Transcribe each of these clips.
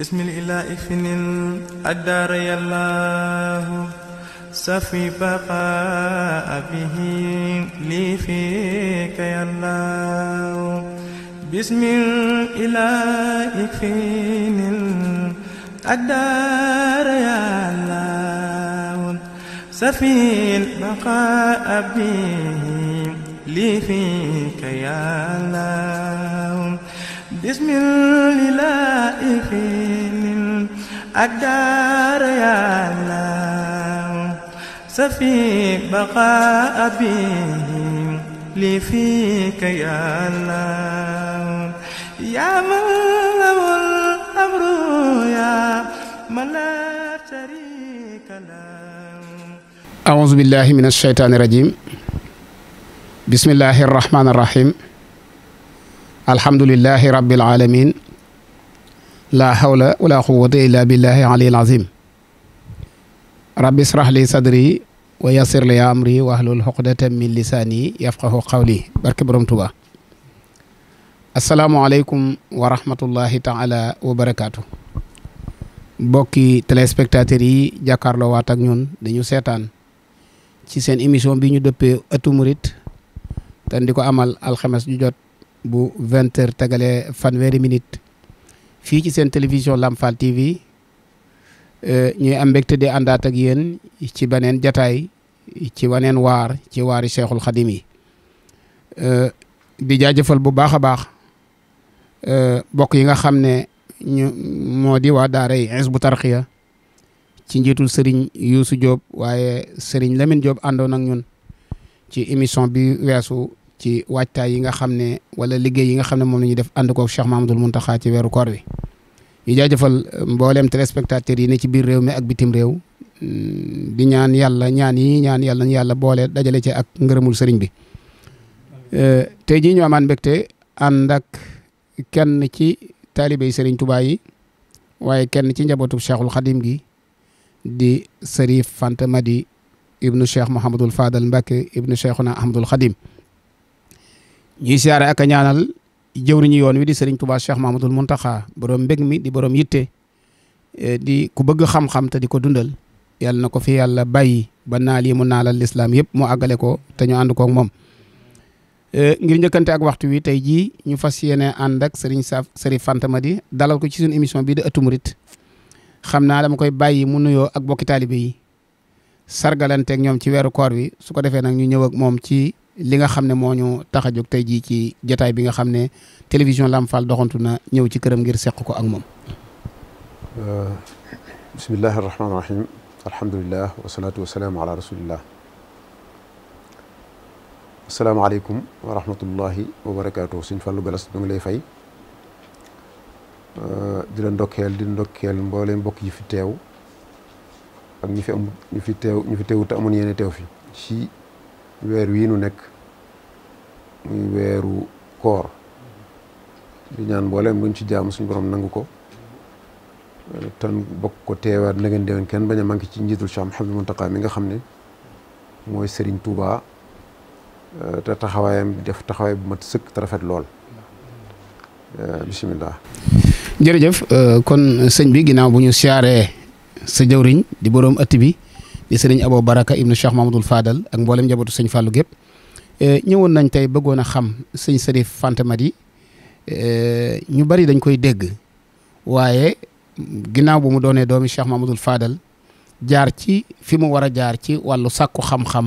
بسم الإله فن الدار يالله سفي بقاء به لي فيك يالله بسم الإله فن الدار يالله سفي بقاء به لي فيك يالله bismillahi finin addaara yàlla safi baqa abihim li fika yàlla yaa man lahul amru yaa man laa sharika lahu auzu billahi min ashaytaani rajim bismillahi rahmaani rahim alhamdulilahi rabbil alamin la hawla wala quwwata illa billahi aliyil azim rabbi israh li sadri wa yassir li amri wahlul uqdatan min lisaani yafqahu qawli barke borom Tuubaa asalaamualeykum wa rahmatullahi taala wa barakaatu mbokki téléspectateurs yi jàkkaarloo waat ñun dañu seetaan ci seen émission bi ñu dëppee ëttu murit amal alxames ju bu vingt heures tegalee fanweeri minute fii ci seen télévision Lamfal TV euh, ñuy am mbégte di àndaat yéen ci beneen jataay ci waneen waar ci waari Cheikhul Khadim yi euh, di jaajëfal bu baax a baax euh, bokk yi nga xam ne ñu di waa daara yi bu Tarqiyyah ci njiitul Serigne Youssou Diop waaye Serigne Lamine Diop àndoon ak ñun ci émission bi weesu ci waajtaay yi nga xam ne wala liggéey yi nga xam ne moom la ñuy def ànd koog Cheikh Mamadou Mountakha ci weeru koor wi. ñu jaajëfal euh, mbooleem respectateur yi ne ci biir réew mi ak bitim réew mm, di ñaan yàlla ñaan yi ñaan yàlla ñu yàlla boole dajale ci ak ngërëmul seriñ bi euh, tey jii ñu amaan mbégte ànd ak kenn ci taalibey sëriñ Tuubaa yi waaye kenn ci njabootu Cheikhul Xadim gi di Sërif Fanta Madi ibnu Cheikh Mouhamadul Fadal Mbacke ibnu Cheikhuna Ahmadul Xadim ñu siyaare ak a ñaanal jëwriñu yoon wi di sëriñ Touba Cheikh Mahmadul Muntaxa borom mbég mi di borom yitte e, di ku bëgg xam-xam te di ko dundal yàlla na ko fi yàlla bàyyi ba naal yi mu naalal lislaam yëpp mu àggale ko te ñu ànd koog moom. E, ngir njëkkante ak waxtu wi tey jii ñu fas yéene ànd ak sëriñ Sa sëriñ Fanta Madi dalal ko ci suñu émission bii di ëttu murit xam naa mu koy bàyyi mu nuyoo ak bokki bi yi sargalanteeg ñoom ci weeru koor wi su ko defee nag ñu ñëw ak moom ci. li nga xam ne moo ñu tax a jóg tey jii ci jataay bi nga xam ne télévision Lamp Fall doxantu na ñëw ci këram ngir seq ko ak moom. Euh, bismillahi rahmaani rahim alhamdulilah wasalaatu wasalaamu ala wa rahmatullahi wa barakaatu suñ Fallou Galas du lay fay. Euh, di la ndokkeel di ndokkeel mbooleem mbokk yi fi teew ak ñi ñu fi teew ñu te amoon yéene teew fi weer wii nu nekk muy weeru koor di ñaan mbooleem luñ ci jaamu suñ borom nangu ko euh, tan bokk ko teewaat na ngeen déwén kenn bañ a manqué ci njiitul Cheikh Mouhamadou Mountakha mi nga xam ne mooy sëriñ Touba euh, te taxawaayam def taxawaay bu mat sëkk te rafet lool euh, bisimilah. jërëjëf kon sëñ bi ginnaaw bu ñu siyaaree sa jëwriñ di boroom ëtt bi. di sëriñ Abo Baraka ibnu Cheikh Mamadul Fadal ak mboolem njabootu sëñ Fallou gépp eh, ñëwoon nañ tey bëggoon a xam sëñ Sërif Fanta Madi eh, ñu bari dañ koy dégg waaye ginnaaw bu mu doonee doomi Cheikh Mamadul faadal jaar ci fi mu war a jaar ci wàllu sàkku xam-xam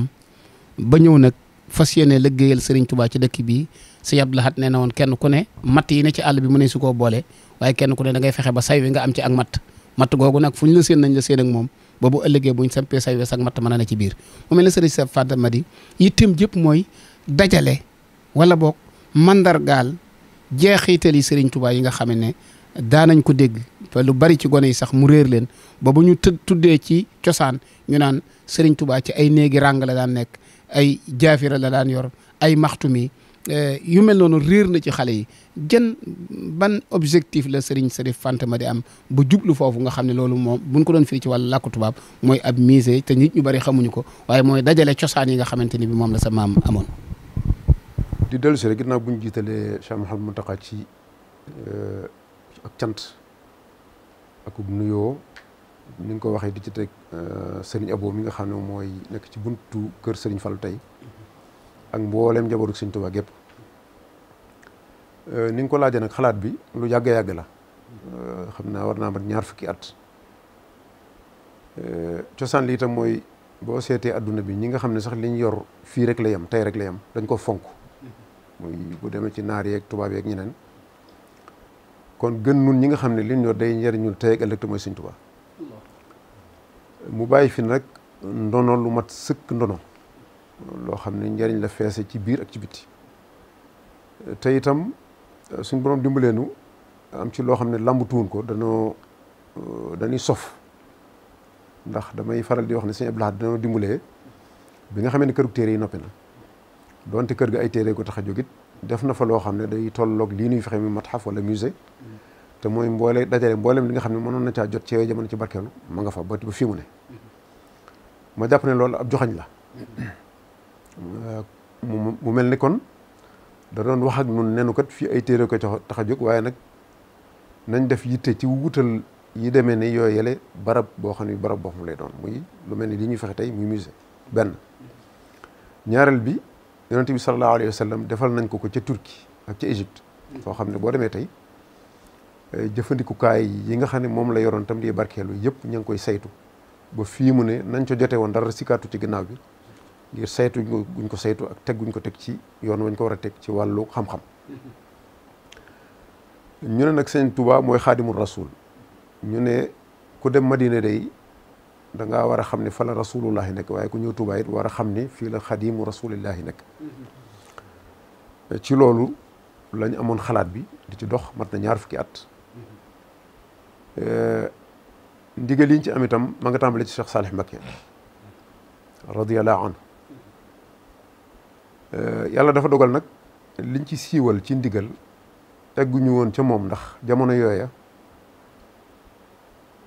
ba ñëw nag fas yéene liggéeyal sëriñ Touba ci dëkk bi sëñ Abdou Lahad nee na woon kenn ku ne matt yi ne ci àll bi mu ne su koo boole waaye kenn ku ne da ngay fexe ba say wi nga am ci ak matt matt googu nag fu ñu séen nañ la séen ak moom ba bu ëllëgee buñ sampee say wes ak matt mën ci biir mu mel ne sëriñ sa fàdda ma di yittem jëpp mooy dajale wala boog mandargaal jeexital yi sëriñ Tuubaa yi nga xam ne daanañ ko dégg lu bari ci gone yi sax mu réer leen ba bu ñu tëdd tuddee ci cosaan ñu naan sëriñ Tuubaa ci ay néegi ràng la daan nekk ay jaafira la daan yor ay maxtumi Eh, yu mel noonu réer na ci xale yi jën ban objectif la Serigne Serif Fantama di am bu jublu foofu nga xam ne loolu moom buñ ko doon firi ci wàllu làkku tubaab mooy ab musée te nit ñu bari xamuñu ko waaye mooy dajale cosaan yi nga xamante ni bi moom sa maam amoon. di dellu si ginnaaw bu ñu jiitalee Cheikh Mouhamed Mountakha ci eh, ak cant ak nuyoo ni ko waxee di ci teg eh, Serigne Abo mi nga xam ne mooy nekk ci buntu kër Serigne fal tey. ak mboolem njabootu Sëriñ Tuubaa gépp Euh, ni nga ko laajee nag xalaat bi lu yàgg yàgg la euh, xam naa war naa mat ñaar fukki at euh, cosaan li itam mooy boo seetee adduna bi ñi nga xam ne sax li yor fii rek la yem tey rek la yem dañ ko fonk muy bu demee ci naar yeeg tubaab yeeg ñeneen kon gën nun ñi nga xam ne li yor day njëriñul tey ak ëllëg te mooy Sëñ Tuubaa mu bàyyi fi nag ndono lu mat sëkk ndono loo xam ne njëriñ la feese ci biir ak ci biti te itam suñ borom nu am ci loo xam ne làmb tuun ko danoo euh, dañuy sof ndax damay faral di wax ne sëñ Abdou Lahad danoo dimbalee bi nga xamee ne kërug téere yi noppi na donte kër ga ay téere ko tax a jógit def na fa loo xam ne day tolloog lii nuy fexe mi matxaf wala musée te mooy mboole dajale mbooleem li nga xam ne mënoon na caa jot ci jamono ci barkeelu ma nga fa ba ba fii mu ne ma jàpp ne loolu ab joxañ la euh, mu mel ni kon da doon wax ak nun nenu kat fii ay téere ko tax a jóg waaye nag nañ def yitte ci wutal yi demee ne yooyu yële barab boo xam ne barab boo xam lay doon muy lu mel ni li ñuy fexe tey muy benn ñaareel bi yonente bi sallallahu alayhi wa defal nañ ko ko ca Turquie ak ca foo xam ne boo demee tey eh, jëfandikukaay yi nga xam ne moom la yoroon tamit di barkeelu yëpp ña ngi koy saytu ba fii mu ne nañ ca jote woon dara sikaatu ci ginnaaw bi ngir saytu guñ ko saytu ak teg guñ ko teg ci yoon wañ ko war a teg ci wàllu xam-xam ñu ne nag seen Touba mooy xaadimul rasul ñu ne ku dem Madina day da war a xam ne fa la rasulullahi nekk waaye ku ñëw Touba war a xam ni fii la xadimu rasulillahi nekk ci loolu lañ amoon xalaat bi di ci dox mat na ñaar fukki at ndigal liñ ci am itam ma nga tàmbale ci Cheikh Salih Mbacké radiyallahu anhu Euh, yàlla dafa dogal nag liñ ci siiwal ci ndigal egguñu woon ca moom ndax jamono yooya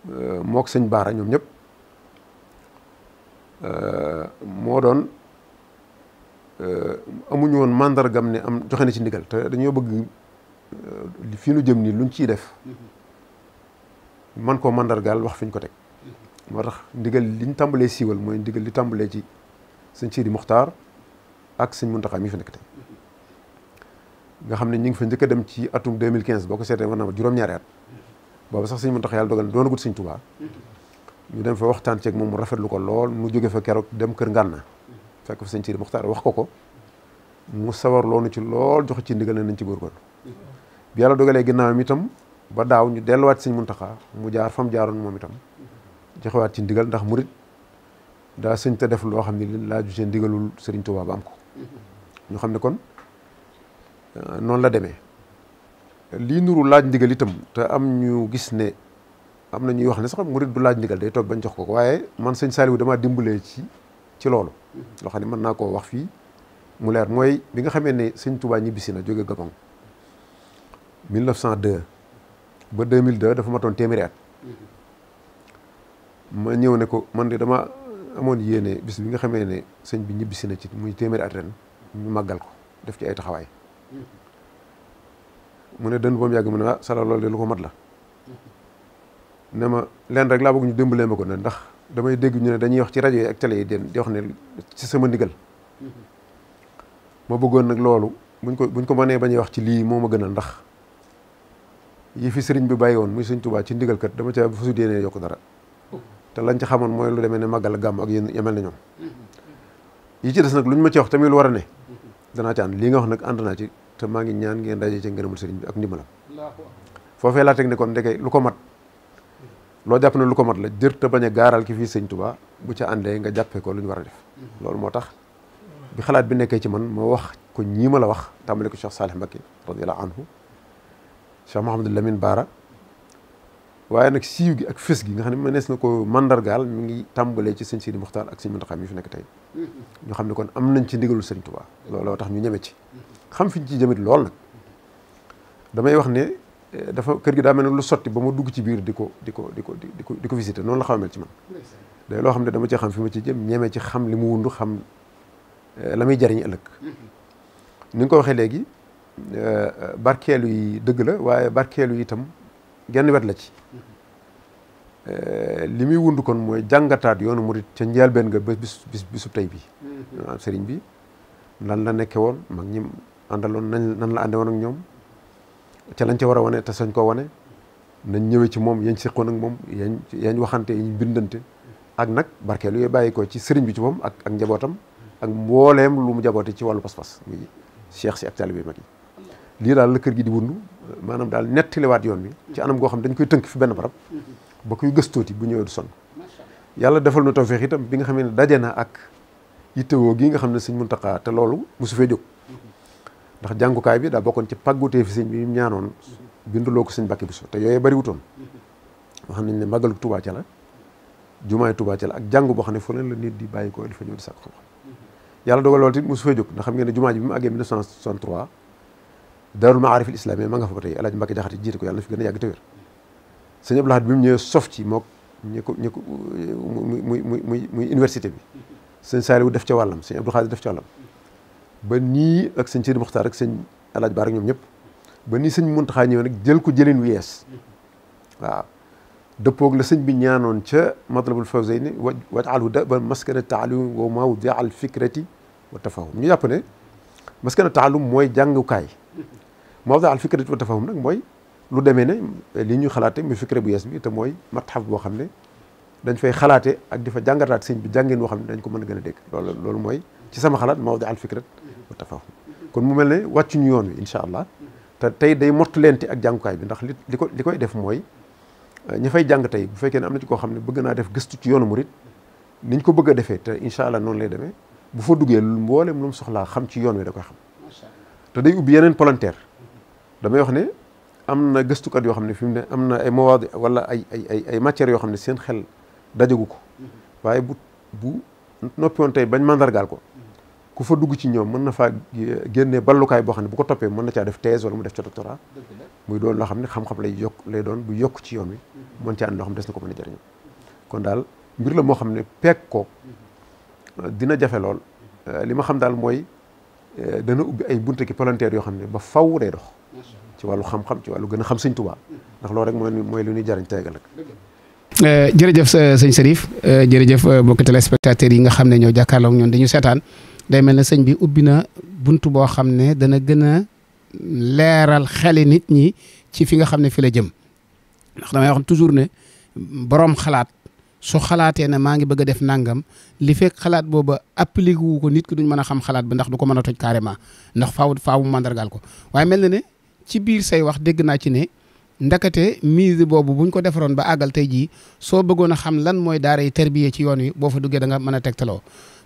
euh, mook sëñ baara ñoom ñëpp euh, moo doon amuñu woon màndargam ne am joxe na ci ndigal te dañoo bëgg fii nu jëm nii luñ ciy def man koo màndargaal wax fiñ ko teg mm-hmm. moo tax ndigal liñ tàmbalee siiwal mooy ndigal li tàmbalee ci sëñ Sidi Muxtaar ak sëñ Muntaxa mi fi nekk tey nga xam ne ñu ngi fa njëkk dem ci atum 2015 boo ko seetee war na ma juróom-ñaari at boobu sax sëñ Muntaxa yàlla dogal na doonagut sëñ Tuubaa ñu dem fa waxtaan ceeg moom mu rafetlu ko lool mu jóge fa keroog dem kër Ngànna fekk fa sëñ Sidi Muxtaar wax ko ko mu sawar loo loonu ci lool jox ci ndigal ne nañ ci góorgóorlu bi yàlla dogalee ginnaawam itam ba daaw ñu delluwaat sëñ Muntaxa mu jaar fam jaaroon moom itam joxewaat ci ndigal ndax murit daa sëñ te def loo xam ne li laaju seen digalul sëriñ Tuubaa am ko ñu xam ne kon euh, noonu la demee lii nuru laaj ndigal itam te am ñu gis ne am na ñuy wax ne sax murid du laaj ndigal day toog bañ jox ko ko waaye man sëñ Saliou damaa dimbalee ci ci loolu loo xam ne mën naa koo wax fii mu leer mooy bi nga xamee ne sëñ Touba ñibbisi na jóge Gabon 1902 ba 2002 dafa matoon téeméeri at ma ñëw ne ko man de dama amoon yéene bis bi nga xamee ne sëñ bi ñibbisi na ci muy téeméeri at ren ñu màggal ko def ci ay taxawaay mu ne dënd boom yàgg mu ne ah sala loolu de lu ko mat la ne ma leen rek laa bëgg ñu démbalee ma ko na ndax damay dégg ñu ne dañuy wax ci rajo yi ak télé yi de di wax ne ci sama ndigal ma bëggoon nag loolu buñ ko buñ ko mënee bañuy wax ci lii moo ma gënal ndax yi fi sëriñ bi bàyyi woon muy sëñ Tuubaa ci ndigal kat dama ca fasu déenee yokk dara lañ ci xamoon mooy lu demee ne màggal gàmm ak yéen yemel na ñoom yi ci des nag luñ ma ci wax tamit lu war a ne danaa ci ànd lii nga wax nag ànd naa ci te maa ngi ñaan ngeen daje ci ngërëmul sëriñ bi ak ndimbalam foofee laa teg ne kon ndeke lu ko mat loo jàpp ne lu ko mat la jër te bañ a gaaral ki fii sëñ Tuubaa bu ca àndee nga jàppee ko lu war a def loolu moo tax bi xalaat bi nekkee ci man moo wax ko ñii ma la wax tàmbale ko Cheikh Salih Mbacké radiyallahu anhu Cheikh Mouhamadou Lamine Bara waaye nag siiw gi ak fés gi nga xam ne mënees na ko mandargaal mi ngi tàmbalee ci sëñ Sidi Muxtaar ak sëñ mu mi fi nekk tey ñu xam ne kon am nañ ci ndigalul sëñ Tuubaa looloo tax ñu ñeme ci xam fiñ ci jëmit lool damay wax ne eh, dafa kër gi daa mel ne lu sotti ba ma dugg ci biir di ko di ko di ko di ko di ko visité noonu la xaw a mel ci man loo xam ne dama ci xam fi ma ci jëm ñeme ci xam li mu wundu xam eh, la muy jariñ ëllëg mm-hmm. ni nga ko waxee léegi eh, barkeelu yi dëgg la waaye barkeelu yi itam genn wet la ci euh, li muy wund kon mooy jàngataat yoonu murit ca njëlbéen nga ba bis bis bisu bi mm-hmm. sëriñ bi lan la nekke woon mag ñi àndaloon nañ nan la ànde woon ak ñoom ca lañ ca war a wane ta sañ koo wane nañ ñëwee ci moom yañ seqoon ak moom yañ yañ waxante yañ bindante ak nag barkeelu yooyu bàyyi ko ci sëriñ bi ci moom ak ak njabootam ak mbooleem lu mu jaboote ci wàllu pas-pas muy cheikh si ak taalibe mag yi lii daal la kër gi di wund maanaam daal nettaliwaat yoon bi ci anam goo xam dañ koy tënk fi benn barab ba koy gëstooti bu ñëwee du sonn yàlla defal na tawféex itam bi nga xam ne daje na ak yittewoo gi xam ne sëñ Muntaxa te loolu mosu fee jóg ndax jàngukaay bi daa bokkoon ci pàggutee fi sëñ bi ñaanoon binduloo ko sëñ Mbàkke Buso te yooyee bari wutoon wax nañ ne màggalu Tuubaa ca la jumaay Tuubaa ca la ak jàng boo xam ne fu leen la nit di bàyyi ko di fa ñëw di sàkk xam-xam yàlla dogal loolu tamit mosu fee jóg ndax xam ngeen jumaa ji bi mu àggee 1963 daarul maarif al islamiyya nga fa ba tey Alaaji Mbàkke Jaxate jiite ko yàlla na fi gën a yàgg te wér sëñ Abdou Lahad bi mu ñëwee sof ci mook ñi ko ñi ko muy muy muy muy université bi sëñ Saaliwu def ca wàllam sëñ Abdou Xaadir def ca wàllam ba nii ak sëñ Sidi Muxtaar ak sëñ ñëpp ba nii sëñ Muntaxaa ñëwee nag jël ko jëlin wu yees waaw dëppoog la sëñ bi ñaanoon ca matlabul fawzayni wa waj'alhu da'ban maskana taalim wa mawdi'a al fikrati wa tafahum ñu jàpp ne maskana taalum mooy jàngukaay mawda al fikrat wa tafahum nag mooy lu demee ne li ñu xalaate muy fikra bu yees bi te mooy matxaf boo xam ne dañ fay xalaate ak di fa jàngataat sëñ bi jàngeen boo xam ne dañ ko mën a gën a dégg loolu loolu mooy ci sama xalaat mawda al fikrat wa kon mu mel ne wàccuñu yoon wi incha allah te tey day mottalente ak jàngukaay bi ndax li li ko li koy def mooy euh, ñi fay jàng bu fekkee ne am na koo xam ne bëgg naa def gëstu ci yoonu mu ni ñu ko bëgg defee te incha allah noonu lay demee bu fa duggee mbooleem lu mu soxlaa xam ci yoon wi da koy xam te day ubbi yeneen polanteer damay wax ne am na gëstukat yoo xam ne fi mu ne am na ay mawaadi wala ay ay ay ay matières yoo xam ne seen xel dajagu ko mm-hmm. waaye bu bu noppi woon tey bañ mandargaal ko ku fa dugg ci ñoom mën na faa génnee ballukaay boo xam ne bu ko toppee mën na caa def thèse wala mu def ca doctorat muy doon loo xam ne xam-xam lay lay doon bu yokk ci yoon wi mm-hmm. mën caa ànd loo xam des na ko mën a jëriñoo kon daal mbir la moo xam ne peeg ko mm-hmm. dina jafe lool euh, li ma xam daal mooy Euh, dana ubbi ay bunte ki palanteer yoo xam ne ba faw day dox ci wàllu xam-xam ci wàllu gën a xam sëñ Tuubaa ndax loolu rek mooy mooy lu ñuy jariñ tegal rek euh, jërëjëf sëñ Serif euh, jërëjëf mbokki téléspectateurs yi nga xam ne ñoo jàkkaarloog ñoom dañu seetaan day mel ne sëñ bi ubbi na bunt boo xam ne dana gën a leeral xeli nit ñi ci fi nga xam ne fi la jëm ndax damay toujours ne boroom xalaat su xalaatee ne maa ngi bëgg a def nangam li fekk xalaat booba appliqué ko nit ki duñ mën a xam xalaat bi ndax du ko mën a toj carrément ndax faaw faaw mu ko waaye mel na ne ci biir say wax dégg naa ci ne ndakate mise boobu buñ ko defaroon ba àggal tey jii soo bëggoon a xam lan mooy daara yi terbiye ci yoon wi boo fa duggee da nga mën a tegtaloo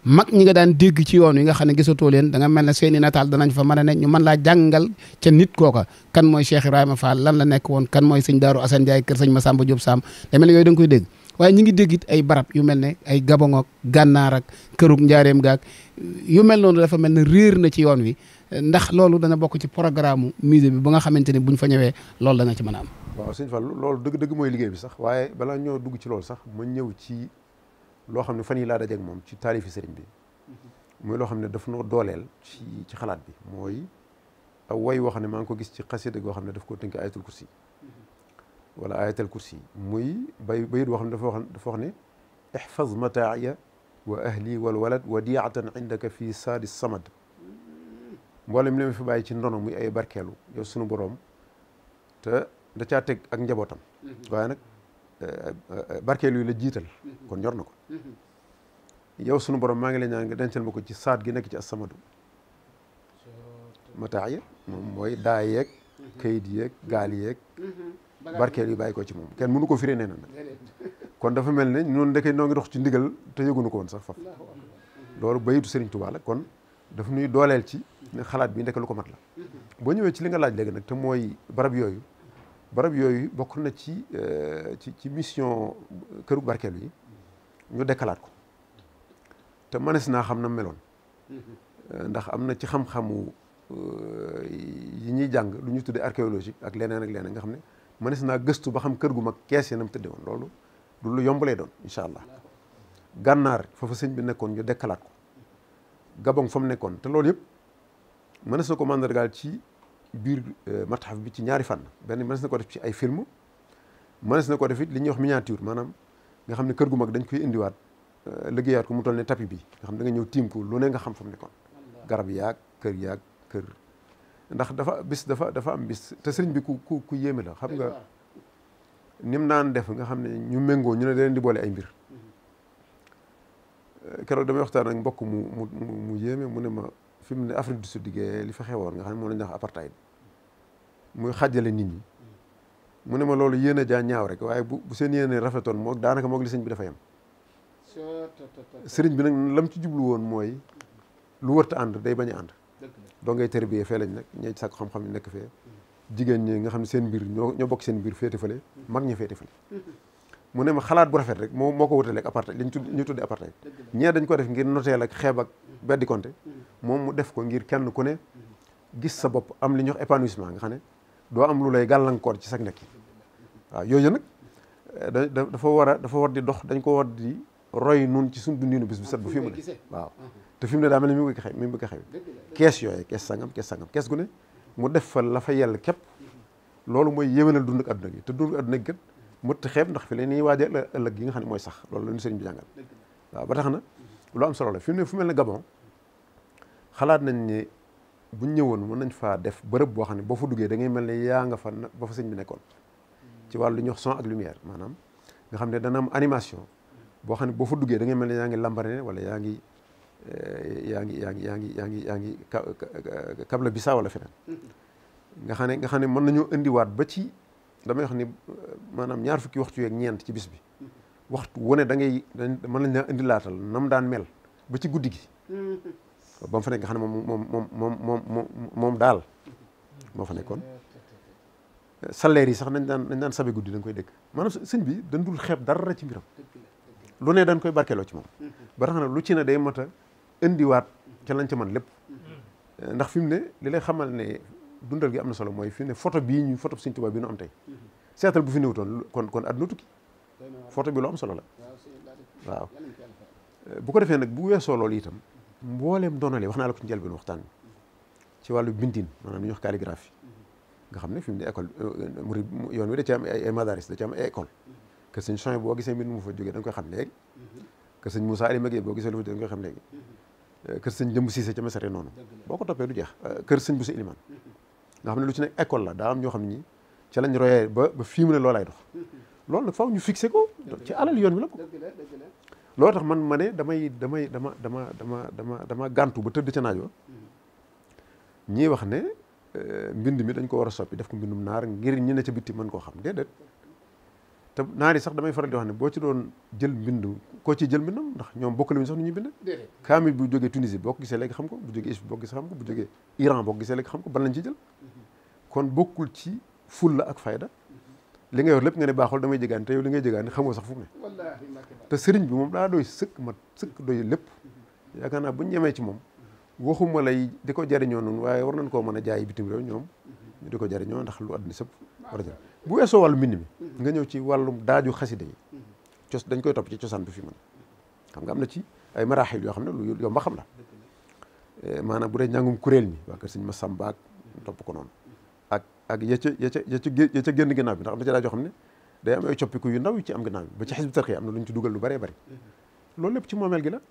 mag ñi nga daan dégg ci yoon wi nga xam ne gisatoo leen da nga ne seeni nataal danañ fa mën a ne ñu mën laa jàngal ca nit kooka kan mooy Cheikh Ibrahima Fall lan la nekk woon kan mooy sëñ Daaru Assane Ndiaye kër sëñ Massamba Diop Sam da mel ne yooyu da koy dégg waaye ñu ngi dégg ay barab yu mel ne ay Gabon ak gànnaar ak kërug njaareem gaak yu mel noonu dafa mel ne réer na ci yoon wi ndax loolu dana bokk ci programme musée bi ba nga xamante ne buñ fa ñëwee loolu dana ci mën a am. waaw sëñ loolu dëgg mooy liggéey bi sax waaye balaa ñoo dugg ci loolu sax ma ñëw ci loo xam ne fan yii laa dajeeg moom ci taalifi sëriñ bi mhm. muy loo xam ne daf noo dooleel ci ci xalaat bi mooy a way woo ne maa ngi ko gis ci xasida goo xam ne daf koo tënk ayatul kursi wala ayatal kursi muy bay bayit boo xam ne dafa wax dafa wax ne ihfaz mataaya wa ahli wal walad wadiatan indaka fi saadi samad mboolem li fi bàyyi ci ndono muy ay barkeelu yow sunu boroom te da caa teg ak njabootam mhm. waaye nag eh, eh, barkeelu yi la jiital mhm. kon ñor na ko mhm. yow sunu borom maa ngi lay ñaan nga dencal ma ko ci saat gi nekk ci asamadu mataaya moom mooy daa yeeg kayit yeeg gaal yeeg barkeel yu bàyyi ko ci moom kenn mënu ko firee neena nag kon dafa mel ne ñun ndeke noo ngi dox ci ndigal te yëgunu ko woon sax faf loolu bayitu Serigne Touba la kon daf ñuy dooleel ci xalaat bi ndeke lu ko mat la mm-hmm. boo ñëwee ci li nga laaj léegi nag te mooy barab yooyu barab yooyu bokk na ci euh, ci ci mission këru barkeelu yi ñu dekkalaat ko te manes naa xam na meloon mm-hmm. euh, ndax am na ci xam-xamu euh, yi ñuy jàng lu ñu tuddee archéologique ak leneen ak leneen nga xam ne manees naa gëstu ba xam kër gu mag kees yi na mu tëddee woon loolu du lu yomb lay doon incha allah gànnaar foofu sëñ bi nekkoon ñu dekkalaat ko gabon fa mu nekkoon te loolu yëpp mënees na ko mandargaal ci biir euh, matxaf bi ci ñaari fànn benn mënees na ko def ci ay film mënees na ko def it li ñuy wax miniature maanaam nga xam ne kër gu mag dañ koy indiwaat euh, liggéeyaat ko mu toll ne tapis bi nga xam da nga ñëw tiim ko lu ne nga xam fa mu nekkoon garab yaag kër yaag kër ndax dafa bis dafa dafa am bis te sëriñ bi ku ku yéeme la xam nga nim naan def nga xam ne ñu méngoo ñu ne leen di boole ay mbir eh, keroog damay waxtaan ak mbokk mu mu yéeme mu ne ma fi mu ne Afrique du Sud liggéey li fa xewoon nga xam ne moo la ñu wax muy xàjjale nit ñi mu ne ma loolu yéen a jaa ñaaw rek waaye bu bu seen yéene rafetoon moo daanaka moo li sëñ bi dafa yem. sëriñ bi nag lam ci jublu woon mooy lu wërta ànd day bañ a ànd. doo ngay tërbiyee fee lañ nekk ñee sàkk xam-xam yi nekk fee jigéen ñi nga xam ne seen mbir ñoo ñoo bokk seen mbir féete fële mag ñi féete fële mu ne xalaat bu rafet rek moo moo ko wutaleeg apartheid li ñu tudd ñu tudde apartheid ñee dañ ko def ngir noteel ak xeeb ak mm. beddi konte mm. moom mu def ko ngir kenn ku ne mm. gis sa bopp am li ñuy wax épanouissement nga xam ne doo am lu lay gàllankoor ci sag nekk waaw yooyu nag eh, dafa war a dafa war di dox dañ ko war di roy nun ci suñu dundinu bis bu set bu fi mu ne waaw te fi mu ne daa mel ne mi ngi koy xew mi kees yooyu kees sangam kees sangam kees gu ne mu def fa la fa yàlla képp loolu mooy yéwénal dund ak adduna gi te dund ak adduna gi kat mëtt xeeb ndax fi la ñuy waajee yi nga xam ne mooy sax loolu la ñu sëriñ bi jàngal waaw ba tax na lu solo la fi mu ne fu mel ne Gabon xalaat nañ ne bu ñëwoon mën nañ faa def bërëb boo xam ne boo fa duggee da ngay mel ne yaa nga fa ba fa sëñ bi nekkoon hmm. ci wàllu ñuy wax son ak lumière maanaam nga xam ne dana am animation boo xam ne boo fa duggee da ngay mel ne yaa ngi lambarene wala yaa ngi eh, yaa ngi yaa ngi yaa ngi yaa ngi yaa ngi Kabla Bisa wala feneen mm-hmm. nga xam ne nga xam ne mën nañoo indiwaat ba ci damay xam ni maanaam ñaar fukki waxtu yeeg ñeent ci bis bi mm-hmm. waxtu wu ne da ngay mën nañ laa indilaatal nam daan mel ba ci guddi gi mm-hmm. ba fa nga xam ne moom moom moom moom moom daal moo fa nekkoon salaire yi sax nañ daan nañ daan sabe guddi da koy dégg maanaam sëñ bi dan dul xeeb dara ci mbiram lu ne dañ koy barkeeloo ci moom ba tax na lu ci ne day mat a indiwaat ca lañ ca mën lépp ndax fi mu ne li lay xamal ne dundal gi am na solo mooy fi mu ne photo bii ñu photo Sëñ Tuubaa bi ñu am seetal bu fi kon kon àdduna tukki photo bi lu am solo la waaw bu ko defee nag bu weesoo loolu itam mbooleem doonale wax naa la ko ci njëlbéenu waxtaan bi ci wàllu bindin maanaam li ñuy wax calligraphie nga xam ne fi mu ne école euh, murid yoon wi da ci am ay madaris da ci am ay que sëñ Chouaïb boo gisee mbir mu fa jógee da nga koy xam léegi que sëñ Moussa Ali Maguette boo gisee lu fa jógee da nga koy xam léegi euh, kër sëñ jëmb Cissé ca Mesare noonu boo ko toppee du jeex euh, kër sëñ bu sa iliman nga xam ne lu ci nekk école la daa am ñoo xam ne ñi ca lañ royee ba ba fii mu ne loolaay dox loolu nag ñu fixé ko ci alal yoon bi la ko loolu tax man ma ne damay damay dama dama dama dama dama gàntu ba tëdd ca naaj wa mm-hmm. ñii wax ne euh, mbind mi dañ ko war a soppi def ko mbindum naar ngir ñi ne ca bitti mën koo xam déedéet te naari sax damay faral di wax ne boo ci doon jël mbind ko ci jël mbindam ndax ñoom bokkale wuñ sax nu ñuy bind kaami bu jógee Tunisie boo ko gisee léegi xam ko bu jógee Égypte boo ko gisee xam ko bu jógee Iran boo ko gisee léegi xam ko ban lañ ci jël mhm. kon bokkul ci fulla ak fayda mhm. li nga yor lépp nga ne baaxul damay jëgaani te yow li ngay jëgaani xamoo sax fu mu ne te sëriñ bi moom daa doy sëkk mat sëkk doy lépp mhm. yaakaar naa buñ ñemee ci moom waxuma lay di ko jariñoo noonu waaye war nañ koo mën a jaay bitim réew ñoom ñu di ko jariñoo ndax lu àddina sëpp war a jël bu weesoo wàllu mbind mi nga ñëw ci wàllum daaju xasida yi cos dañ koy topp ci cosaan bi fi mën xam nga am na ci ay maraaxil yoo xam ne lu yomb a xam la eh, maanaam bu dee njàngum kuréel mi waa kër sëñ Masamba ak ko noonu ak ak ya ca ya ca ca ya ca bi ndax am na ci xam ne day am ay coppiku yu ndaw yu ci am ginnaaw bi ba ci xisbu tarxiya am na lu ñu ci dugal lu bëree bëri loolu lépp ci moomeel gi la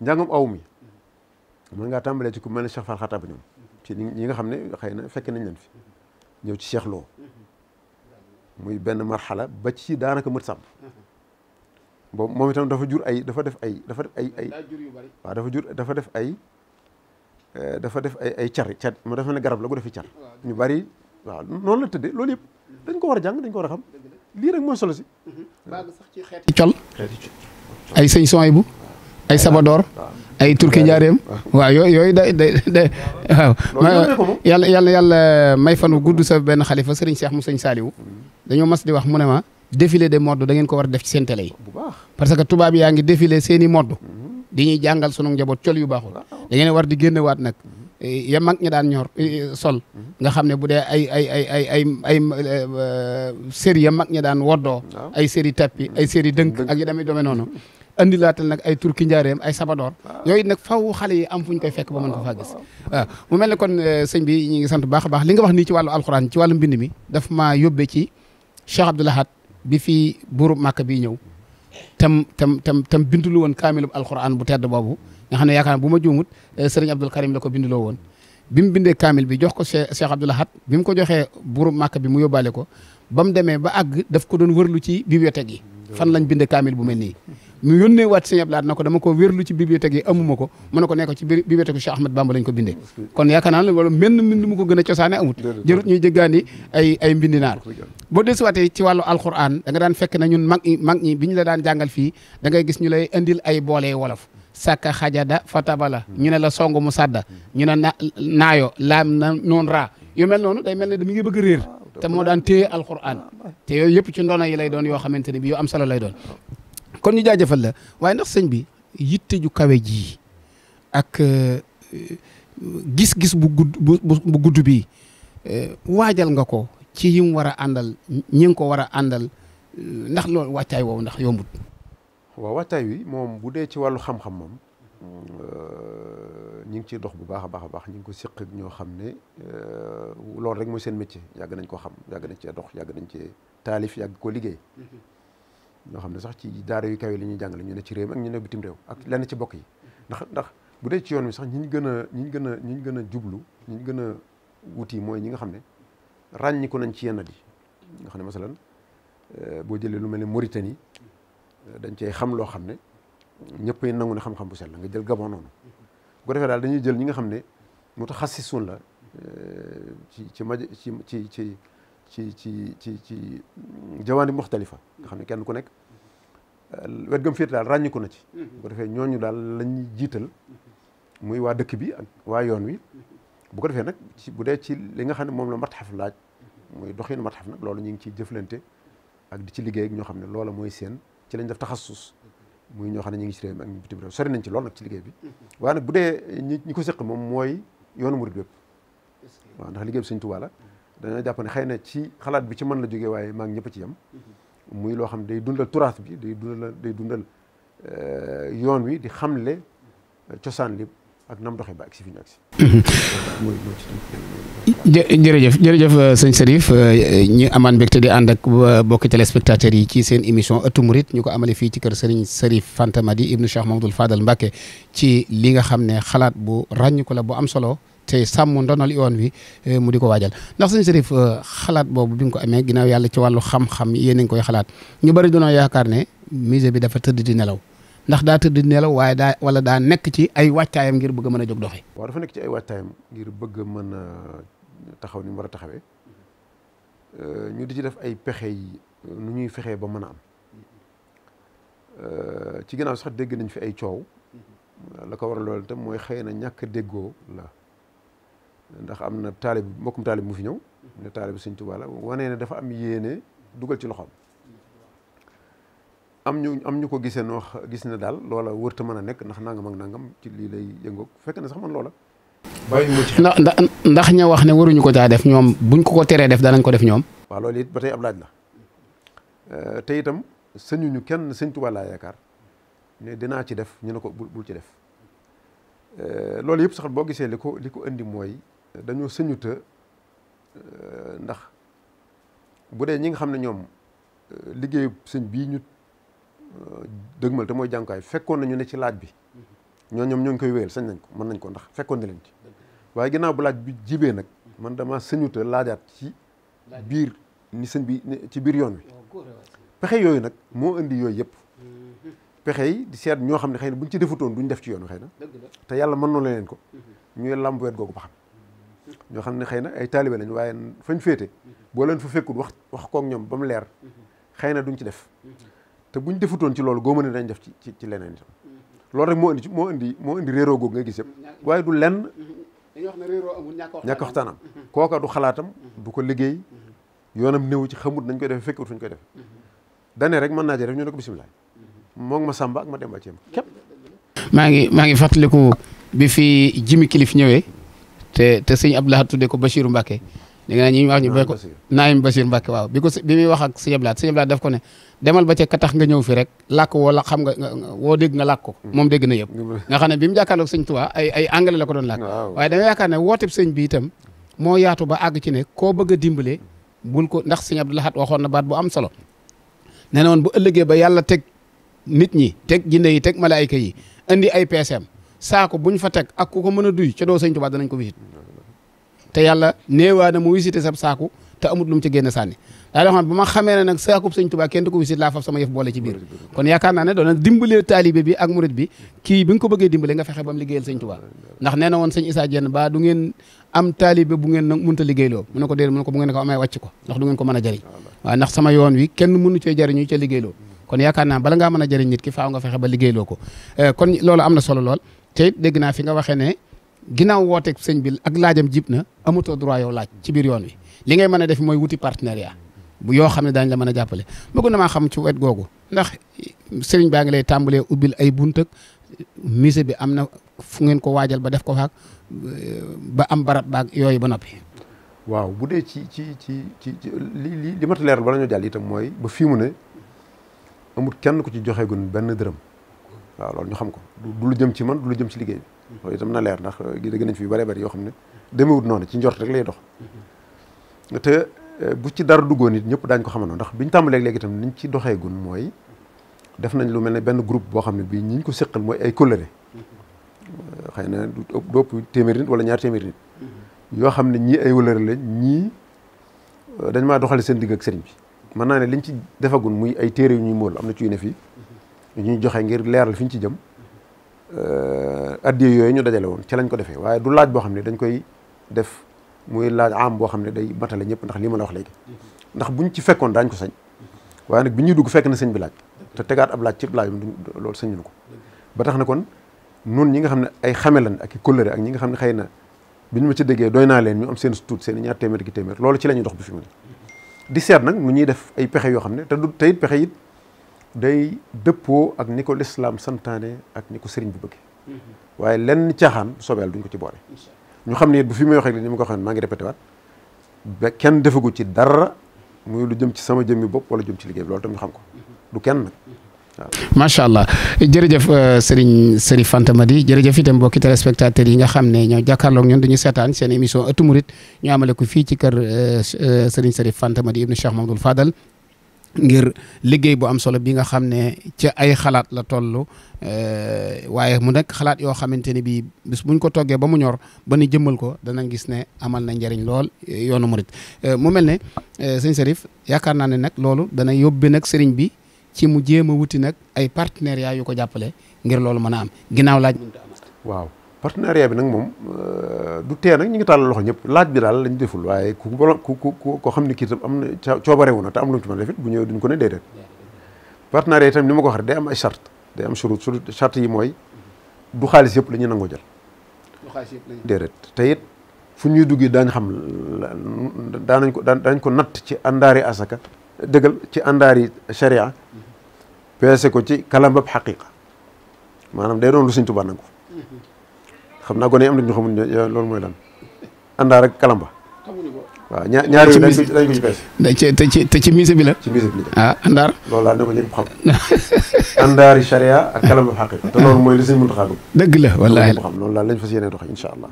njàngum aw mi mën nga tàmbalee ci ku mel ne Cheikh Fall Xattaab ñoom ci ñi nga xam ne xëy na fekk nañ leen fi ñëw ci Cheikh Lo muy benn marxala ba ci daanaka mët sàmm boobu moom itam dafa jur ay dafa def ay dafa def ay ay waaw dafa jur dafa def ay eh, dafa def ay ay car car mu dafa ne garab la ko defee car ñu bari waaw noonu la tëddee loolu yëpp dañ ko war a jàng dañ ko war a xam lii rek mooy solo si mhm. baax sax ci xeeti col ay sëñ son bu ay Sabador ay Turki Njaareem waaw yooyu yooyu day day day waaw. yàlla yàlla may fanu gudd sa benn xalifa sëriñ Cheikh mu sëñ Saliou dañoo mas di wax mu ne ma défilé de mode da ngeen ko war a def ci seen télé yi. parce que tubaab yaa ngi défilé seeni modd mode. Mhm. di ñuy jàngal sunu njaboot col yu baaxul. da ngeen war di génnewaat nag. Mhm. Eh, ya mag ñi daan ñor eh, sol mhm. nga xam ne bu dee ay ay ay ay ay ay eh, série ya mag ñi daan woddoo ay série tappi ay série dënk ak yi demee doome noonu andilaatal nag ay turki njaareem ay sabadoor ah. yooyu nag faw xale yi am fu koy fekk ba mën ko faa gis ah, mu mel ne kon eh, sëñ bi ñu ngi sant baax a baax li nga wax nii ci wàllu alxuraan ci wàllu mbind mi daf maa yóbbee ci Cheikh Abdoul Ahad bi fi buuru Màkka bi ñëw tam tam tam tam bindulu woon kaamilub alxuraan bu tedd boobu nga xam ne yaakaar naa ma juumut eh, sëriñ Abdul Karim la ko binduloo woon bi mu bindee kaamil bi jox ko Cheikh Abdoul Ahad bi mu ko joxee buuru Màkka bi mu yóbbaale ko ba mu demee ba àgg daf ko doon wërlu ci wete gi fan lañ bindee kaamil bu mel nii mu yónnee waat Sëñ Abdu na ko dama ko wérlu ci bibliothèque yi amuma ko mu ne ko nekk ci bibliothèque Cheikh Ahmed Bamba lañ ko bindee kon yaakaar naa ne wala menn mbind mu ko gën a cosaane amut jërut ñuy jëggaani ay ay mbindinaar boo desuwaatee ci wàllu alquran da nga daan na ñun mag ñi mag ñi bi ñu la daan jàngal fii da gis ñu lay indil ay boole wolof sàkka xajada fatabala ñu ne la songu mu sadda ñu ne na naayo laam noon raa yu mel noonu day mel ne mi ngi bëgg réer te moo daan téye alquran te yooyu yëpp ci ndono yi lay doon yoo xamante ne bi yu am salo lay doon kon ñu jaajëfal la waaye ndax sëñ bi yitte ju kawe ji ak euh, gis-gis bu gudd bu gudd bi euh, waajal nga ko ci yim war a àndal ñi nga ko war a àndal euh, ndax loolu wàccaay wow ndax yombut. waaw wàccaay wi moom bu dee ci wàllu xam-xam moom ñi ngi ciy dox bu baax a baax a baax ñi ngi ko seq ñoo xam ne loolu rek mooy seen métier yàgg nañ ko xam yàgg nañ cee dox yàgg nañ cee taalif yàgg ko liggéey. Mhm. ñoo xam ne sax ci daara yu kaw yi la ñuy jàngale ñu ne ci réew mi ak ñu ne bitim réew ak lenn ci bokk yi ndax ndax bu dee ci yoon wi sax ñi ñu gën a ñi ñu gën a ñi ñu gën a jublu ñu gën a wuti mooy ñi nga xam ne ràññiku nañ ci yenn yi nga xam ne masalan euh, boo jëlee lu mel ne Mauritanie euh, dañ cey xam loo xam ne ñëppay nangu ne xam-xam bu sell la nga jël Gabon noonu bu ko defee daal dañuy jël ñi nga xam ne mutaxassisuun la euh, ci ci ci ci ci ci ci ci ci mm, jawaani muxtalifa nga xam ne kenn ku nekk euh, wet gëm féete daal ràññiku na ci bu mm-hmm. ko defee ñooñu daal lañ jiital mm-hmm. muy waa dëkk bi ak waa yoon wi mm-hmm. bu ko defee nag ci bu dee ci li nga xam ne moom la matxaf laaj muy doxinu matxaf nag loolu ñu ngi ciy jëflante ak di ci liggéey ñoo xam ne loola mooy seen ci lañ def taxassus muy ñoo xam ne ñu ngi si réew mi ak ñu bitim réew sori nañ ci lool nag ci liggéey bi waa nag bu dee ñi ko seq moom mooy yoonu murid bépp waaw ndax liggéey bi Sëñ Tuubaa la dañoo jàpp ne xëy na ci xalaat bi ci mën la jógee waaye maa ngi ci yem muy loo xam day dundal turaas bi day dundal day dundal euh, yoon wi di xamle euh, cosaan li ak nam doxee ba ak si fi ñu ak si. Mhm. jërëjëf euh, sëñ Serif ñu amaan ànd ak bokki téléspectateurs yi ci seen émission ëttu ñu ko amale fii ci kër Serigne Serif Fanta Madi ibnu Cheikh Mamadou Fadal Mbacke ci li nga xam ne xalaat bu ràññ ko la bu am solo. tey sàmm ndonal yoon wi eh, mu di ko waajal ndax sëñ Cherif eh, xalaat boobu bi nga ko amee ginnaaw yàlla ci wàllu xam-xam yéen a ngi koy xalaat ñu bari doonoo yaakaar ne musée bi dafa tëdd di nelaw ndax daa tëdd di nelaw waaye daa wala daa nekk ci ay wàccaayam ngir bëgg mën a jóg doxi waaw ay wàccaayam ngir bëgg mën a taxaw ni mu war a taxawee eh, ñu di ci def ay pexe yi nu ñuy fexee ba mën a am ci ginnaaw sax dégg nañ fi ay coow la ko war a loolu itam mooy xëy na ñàkk déggoo ndax am na taalib mbokkum taalib mu fi ñëw ne taalib sëñ Tuubaa la wanee ne dafa am yéene dugal ci loxoom am ñu am ñu ko gisee noo gis na daal loola wërta mën a nekk ndax nangam ak nangam ci lii lay yëngoog fekk na sax man loola ndax ndax ña wax ne waruñu ko taa def ñoom buñ ko ko teree def danañ ko def ñoom waaw loolu it ba tey ab laaj la euh, te itam sëñuñu kenn sëñ Tuubaa laa yaakaar ne dinaa ci def ñu ne ko bul ci def euh, loolu yëpp sax boo gisee li ko li ko indi mooy dañoo sëñuta euh, ndax bu dee ñi nga xam ne ñoom euh, liggéeyu sëñ bii ñu euh, dëgmal te mooy jàngukaay fekkoon nañu ne ci laaj bi ñoo ñoom ñoo ngi koy wéyal sañ nañ ko mën nañ koo ndax fekkoon na leen ci waaye ginnaaw bu laaj bi jibee nag man dama sëñuta laajaat ci biir ni sëñ bi ci biir yoon wi oh, pexe yooyu nag moo indi yooyu yëpp mm-hmm. pexe yi di seet ñoo xam ne xay na buñ ci defutoon duñ def ci yoon wi xëy na te yàlla mën na leen ko mm-hmm. ñuy làmb wet googu ba xam ñoo xam ne xëy na ay taalibe lañ waaye fañ féete boo leen fa fekkul wax wax kook ñoom ba mu leer xëy na duñ ci def te buñ defutoon ci loolu góoma ne dañ def ci ci ci leneen itam loolu rek moo indi moo indi moo indi réeroo googu nga gis yëpp waaye du len dañuy wax ne réeroo kooka du xalaatam bu ko liggéey yoonam néew ci xamut nañ koy defee fekkut fuñ koy defee dane rek mën naa def ñoo ne ko bisimilah moom ma sàmba ak ma dem Thiam képp maa ngi maa ngi fàttaliku bi fi Jimmy Cliff ñëwee te te sëñ Abdou Lahad tuddee ko Bachir Mbacke da nga ñi wax ñu ba ko Naim Bachir Mbacke waaw bi ko bi muy wax ak sëñ Abdou Lahad sëñ Abdou Lahad ko ne demal ba ca katax nga ñëw fi rek làkk woo la xam nga woo dégg nga làkk ko mm. moom dégg na yëpp mm. nga xam ne bi mu jàkkaarloog sëñ Tuubaa ay ay anglais la ko doon làkk waaye dama yaakaar ne wooteb sëñ bi itam moo yaatu ba àgg ci ne koo bëgg a dimbale bul ko ndax sëñ Abdou Lahad waxoon na baat bu am solo nee na woon bu ëllëgee ba yàlla teg nit ñi teg jinne yi teg malaayika yi indi ay PCM saako buñ fa teg ak ku ko mën a duy ca doo sëñ Tuubaa danañ ko wisit te yàlla néewaa na mu wisite sab saako te amut lu mu ci génn xam ba ma xamee ne nag saakub sëñ Tuubaa kenn du ko wisit laa faf sama yëf boole ci bi ak ko bëggee dimbale nga fexe bam liggéeyal sëñ na woon sëñ Isaa Jeen ba du ngeen am taalibe bu ngeen nag mënta liggéeyloo mu ne ko déedéet ko bu ngeen ko amee wàcc ko ndax du mën a jëriñ waaw ndax sama yoon wi kenn mënu cee jëriñu ca liggéeyloo kon yaakaar naa bala ngaa mën a jëriñ nit ki faaw nga fexe ba liggéeyloo ko eh, kon loolu am na solo lool te it dégg naa fi nga waxee ne ginnaaw wooteeg sëñ bil ak laajam jib na amutoo droit yow laaj ci biir yoon wi li ngay mën a def mooy wuti partenariat bu yoo xam ne daañ la mën a jàppale bëgg na maa xam ci wet googu ndax sëriñ baa ngi lay tàmbalee ubbil ay bunt ak bi am na fu ngeen ko waajal ba def ko faak euh, ba am barab baag yooyu ba noppi waaw bu dee ci ci ci ci li li li mata leeral bala ñoo jàll itam mooy ba fii mu ne amut kenn ku ci joxeegun benn dërëm waaw loolu ñu xam ko du lu jëm ci man du lu jëm ci liggéey bi mm-hmm. loolu itam na leer ndax euh, gi dëgg nañ fi yu bëree bëri yoo xam ne demewut noonu ci njort rek lay dox mm-hmm. te euh, bu ci dara duggoon it ñëpp daañ ko xamandoo ndax bi biñ tàmbalee léegi itam niñ ci doxee gun mooy def nañ lu mel ne benn groupe boo xam ne bii ñiñ ko séqal mooy ay coloré mm-hmm. euh, xëy na du ëpp wala ñaar téeméeri xam ne ñii ay wëlëre lañ ñii dañ maa doxale seen digg ak bi mën naa ne liñ ci defagun muy ay téere yu ñuy mool am na ci ne fii ñuy joxe ngir leeral fi ñu ci jëm euh, addiye yooyu ñu dajale woon ci lañ ko defee waaye du laaj boo xam ne dañ koy def muy laaj am boo xam ne day matale ñëpp ndax lii ma la wax léegi ndax buñ ci fekkoon daañ ko sañ waaye nag bi ñuy dugg fekk na sëñ bi laaj te tegaat ab laaj cib laajam loolu sañuñu ko ba tax na kon nun ñi nga xam ne ay xame lan ak i kóllëre ñi nga xam ne na ñu ma ci déggee doy naa leen ñu am seen tuut seen ñaar téeméer ki téeméer loolu ci la ñuy dox bi fi mu ne di seet nag mu ñuy def ay pexe yoo xam ne te du te it pexe it day dëppoo ak ni ko lislaam santaane ak ni ko sëriñ bi bëggee waaye lenn caaxaan soobeel duñ ko ci boole ñu xam ne bu fi may waxee ni ma ko xam ne maa ngi répété waat ba kenn defagu ci dara muy lu jëm ci sama jëmmi bopp wala jëm ci liggéey bi loolu tam ñu xam ko mm-hmm. du kenn nag mm-hmm. macha allah jërëjëf euh, Serigne Serigne Fanta Madi jërëjëf itam mbokki téléspectateurs yi nga xam ne ñoo jàkkaarloog ñun dañu seetaan seen émission ëttu murit ñu amale ko fii ci kër euh, Serigne Serigne Fanta Madi ibnu Cheikh ngir liggéey bu am solo bi nga xam ne ca ay xalaat la toll euh, waaye mu nekk xalaat yoo xamante ni bii bis buñ ko toggee ba mu ñor ba ni jëmmal ko danañ gis ne amal na njariñ lool e, yoonu murit euh, mu mel ne euh, sëñ Serif yaakaar naa ne nag loolu dana yóbbi nag sëriñ bi ci mu jéem a wuti nag ay partenariat yu ko jàppale ngir loolu mën a am ginnaaw laaj. waaw partenariat bi nag moom euh, du tee nag ñu ngi tàllal loxo ñëpp laaj bi daal lañ deful waaye ku ku ku ko xam ne kii itam am na coobarewu na te am lu mu ci mën a def it bu ko ne déedéet partenariat itam ni ma ko waxee day am ay charte day am surut surut charte yi mooy du xaalis yëpp la ñuy nangoo jël. du xaalis yëpp la it fu ñuy duggee daañ xam daanañ ko daañ ko natt ci àndaari asaka dëggal ci àndaari sharia peese ko ci kalambab xaqiqa maanaam day doon lu Sëñ Tuubaa nangu ko mhm. xam naa gone am na ñu loolu mooy lan àndaa rek kalamba waaw ñaar ñaar yooyu dañ te ci te ci musée bi la ci musée bi la ah àndaar loolu laa ne ko ñëpp xam àndaari mooy li suñ dëgg la wallaahi la xam loolu laa lañ fas yéene dox incha allah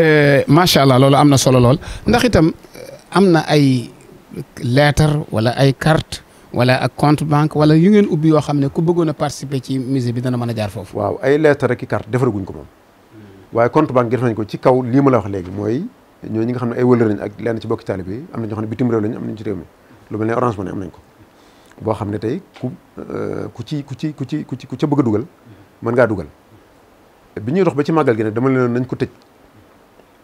eh, macha allah loolu am na solo lool ndax itam eh, am na ay lettre wala ay carte wala ak compte banque wala yu ngeen ubbi yoo xam ne ku bëggoon a participer ci musée bi dana mën a jaar foofu waaw ay lettre ak i carte defaraguñ ko moom waaye compte banque gi def nañ ko ci kaw lii ma la wax léegi mooy ñoo ñi nga xam ne ay wëlër nañ ak lenn ci bokki taalibe bi am na ñoo xam ne bitim réew lañ am nañ ci réew mi lu mel ne Orange Money am nañ ko boo xam ne tey ku euh, ku ci ku ci ku ci ku ci ku ca bëgg a dugal mën ngaa dugal bi ñuy dox ba ci màggal gi nag dama leen nañ ko tëj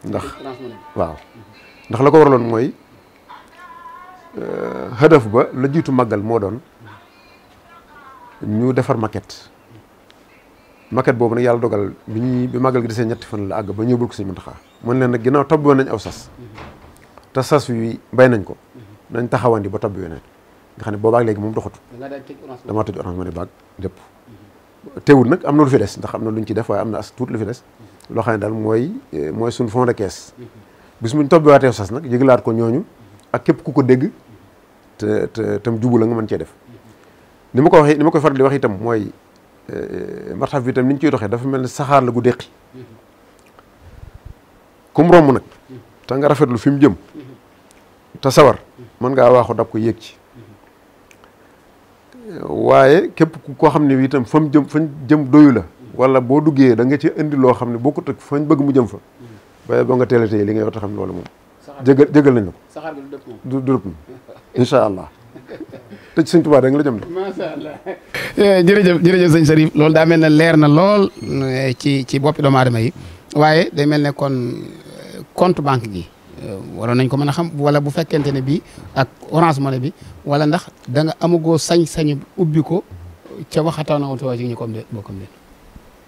ndax waaw ndax la ko waraloon mooy hadaf euh, ba la jiitu màggal moo doon ñu defar maquette maquette boobu nag yàlla dogal bi ñuy bi màggal gi desee fan la àgg ba ñëwul ko suñu Muntaxa mën leen nag ginnaaw tabbi woon nañ aw sas te sas wi bay nañ ko nañ taxawandi ba tabbi weneen nga xam ne boobaag léegi moom doxatu damaa tëj orange money baag lépp teewul nag am na lu fi des ndax am na ñu ci def waaye am na as tuut lu fi des loo xam ne daal mooy mooy suñ fond de caisse bis muñ tobbiwaatee sas nag yëgalaat ko ñooñu ak képp ku ko dégg te tam jubu la nga mën cee def ni ma ko waxee ni ma koy faral di wax itam mooy Euh, euh, marxaf bi itam ni ñu ciy doxee dafa mel ne saxaar la gu déqi kum romb nag te nga rafetlu fi mu jëm te sawar mën ngaa waaxu dab ko yéeg ci waaye képp koo xam ne itam fa mu jëm fañ jëm doyu la wala boo duggee da nga ci indi loo xam ne boo ko teg fañ bëgg mu jëm fa waaye boo nga teel li nga yor xam ne loolu moom jégal jégal nañ la ko du dëpp incha allah te ci sëñ Tuubaa rek la jëm de. macha allah. Eh, jërëjëf jërëjëf sëñ Sërif loolu daa mel na leer na lool eh, ci ci boppi doomu aadama yi waaye day mel ne kon eh, compte banque gi waroon nañ ko mën a xam wala bu fekkente ne bii ak Orange Money bi wala ndax danga amagoo amugoo sañ-sañu ubbi ko ca waxataana woon ci ñu ko bokkam leen.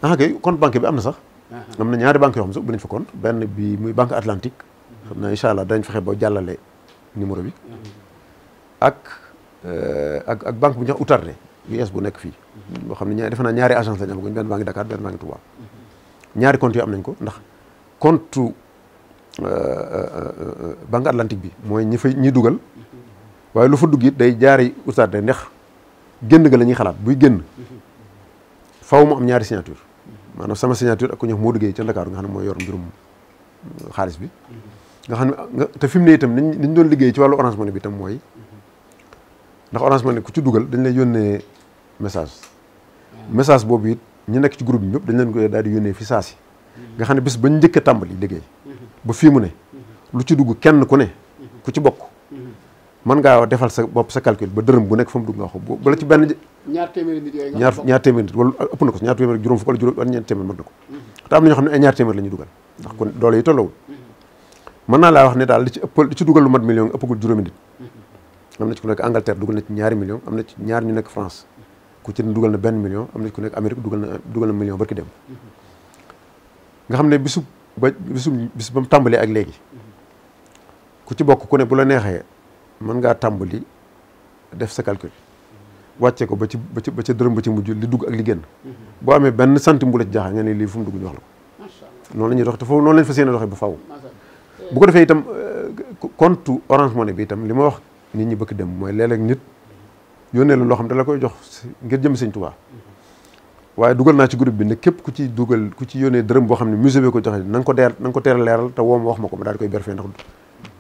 ah kay compte bi am na sax. Uh-huh. am na ñaari banque yoo xam sax ubbi nañ fa compte benn bi muy banque atlantique. xam naa incha allah dañ fexe ba jàllale numéro bi. Uh-huh. Euh, ak ak banque bu ñu utarde US bu nekk fii boo xam ne defe naa ñaari agence lañu am benn baa ngi Dakar benn baa ngi Touba ñaari compte yu am nañ ko ndax compte euh, euh, banque atlantique bi mooy ñi fa ñi dugal waaye lu fa dugg it day jaari utarde ndax génn ga la ñuy xalaat buy génn faw am ñaari signature maanaam sama signature ak ku ñëw moo duggee ca Dakar nga xam ne mooy yor mbirum xaalis bi nga xam ne te fi mu ne itam niñ niñ doon liggéey ci wàllu Orange bi itam mooy ndax Orange Money ku ci dugal dañ lay yónnee message message boobu it ñi nekk ci groupe bi ñëpp dañ leen koy daal di yónnee fi nga xam ne bañ njëkk a tàmbali liggéey ba fii mu ne lu ci dugg kenn ku ne ku ci bokk mën ngaa defal sa bopp sa calcul ba dërëm bu nekk fa mu dugg nga xam bala ci benn ñaar téeméeri nit yooyu ñaar ñaar téeméeri nit wala ëpp na ko ñaar téeméeri juróom fukk wala juróom wala ñeent téeméer mën na ko te am na ñoo xam ne ay ñaar téeméer la ñuy dugal ndax kon doole yi tollawul mën naa laa wax ne daal li ci ëpp ci dugal lu mat million nga ëppagul juróomi am na ci ku nekk Angleterre dugal na ci ñaari million am na ci ñaar ñu nekk France ku ci dugal na benn million am na ci ku nekk Amérique dugal na dugal na million barki dem nga xam ne bisu ba bisu bis ba mu tàmbalee ak léegi ku ci bokk ku ne bu la neexee mën ngaa tàmbali def sa calcul wàcce ko ba ci ba ci ba dërëm ba ci mujj li dugg ak li génn boo amee benn centime bu la ci jaaxal nga ne lii fu mu dugg ñu wax la ko noonu la ñuy dox te foofu noonu lañ fa yéene doxee ba faw bu ko defee itam euh, compte orange money li ma wax nit ñi bëgg dem mooy léeg-léeg nit yónnee la loo xam ne da koy jox ngir jëm sëñ Tuubaa waaye dugal naa ci groupe bi ne képp ku ci dugal ku ci yónnee dërëm boo xam ne musée bi ko joxe na nga deer na nga ko teel a leeral te ma ko ma daal koy berfee ndax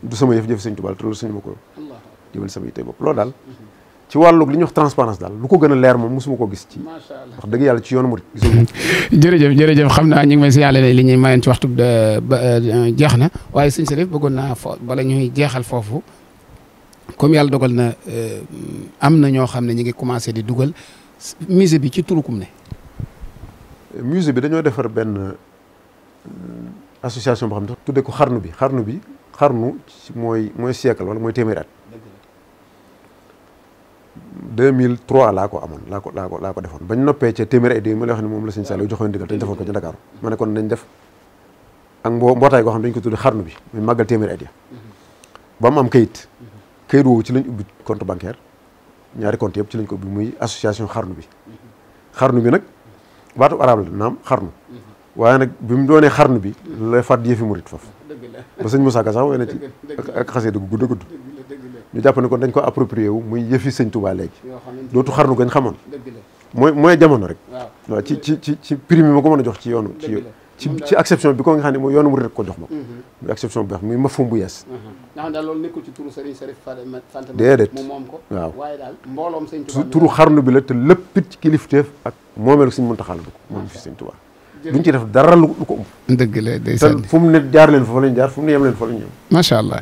du sama yëf-jëf sëñ ko jëmal sama yitte daal ci wàllu li ñuy wax transparence daal lu ko gën a leer moom mosuma koo gis ci wax dëgg yàlla ci yoonu murid jërëjëf jërëjëf xam naa ñu ngi may signalé li ñuy mayoon ci waxtu euh, euh, jeex na waaye sëñ Salif bëggoon naa fo bala ñuy jeexal foofu comme yàlla dogal na euh, am na ñoo xam ne ñu ngi commencé di dugal musée bi ci turukum ne. musée bi dañoo defar benn euh, association boo xam ne tuddee ko xarnu bi xarnu bi xarnu mooy mooy siècle wala mooy téeméeri at. 2003 laa ko amoon laa ko laa ko defoon bañ noppee ca téeméeri ay ma lay wax ne moom la sëñ Saliou joxoon digal te ñu defoon ko ca Dakar ma ne kon nañ def ak mboo mbootaay goo xam ne dañ ko tuddee xarnu bi muy màggal téeméeri at ya mm-hmm. ba mu am kayit. këyit woowu ci lañ ubbi compte bancaire ñaari compte yëpp ci lañ ko ubbi muy association xarnu bi xarnu bi nag baatu arab la naam xarnu waaye nag bi mu doonee xarnu bi la fàtt yëfi murit foofu ba sëñ mu Ka sax woy na ci ak xasee dugg gudd gudd ñu jàpp ne kon dañ ko approprié wu muy yëfi sëñ Touba léegi dootu xarnu gañ xamoon mooy mooy jamono rek waaw ci ci ci ci prime ma ko mën a jox ci yoonu ci ci ci acception bi ko nga xam ne mooy yoonu mu rek ko jox ma mhm. muy acception bi wax ma fum yees nga xam mhm. daal loolu turu moom ko waaw waaye daal mbooloom sëñ Touba turu xarnu bi la te léppit ci kilifteef ak moomeelu sëñ Muntaxa la bokk moom fi def dara lu ko ëmb. dëgg la day sànni fu mu ne jaar leen fa lañ jaar fu mu ne yem leen fa lañ yem. macha allah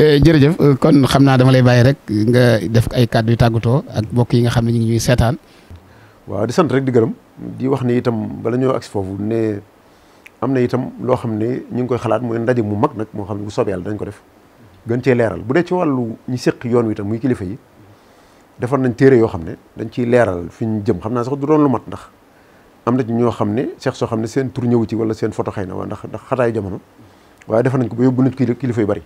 eh, jërëjëf eh, kon xam naa dama lay bàyyi rek nga def ay kàddu yu tàggatoo ak mbokk yi nga xam ne ñu ngi ñuy seetaan. waaw di sant rek di gërëm di wax ne itam bala ñoo agsi foofu ne am na itam loo xam ne ñu ngi koy xalaat mooy ndaje mu mag nag moo xam ne bu soobee yàlla dañ ko def gën cee leeral bu dee ci wàllu ñi séq yoon wi tam muy kilifa yi defar nañ téere yoo xam ne dañ ciy leeral fi ñu jëm xam naa sax du doon lu mat ndax am na ñoo xam ne seex soo xam ne seen tur ñëwu ci wala seen photo xëy na ndax ndax xataayu jamono waaye defar nañ ko ba yóbbu nit kilifa yu bari